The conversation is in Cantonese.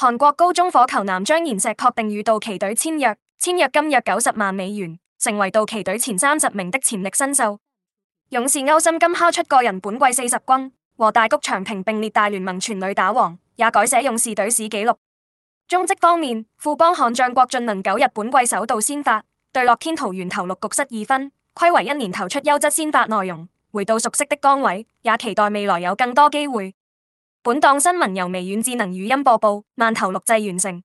韓國高中火球男張賢石確定與道奇隊簽約，簽約金約九十萬美元，成為道奇隊前三十名的潛力新秀。勇士奧森今敲出個人本季四十轟，和大谷翔平並列大聯盟全壘打王，也改寫勇士隊史紀錄。中職方面，富邦悍將郭俊麟九日本季首度先發，對樂天桃猿完投六局失二分，睽違一年投出優質先發內容。回到熟悉的崗位，也期待未來有更多機會。本檔新聞由微軟智能語音播報，萬頭錄製完成。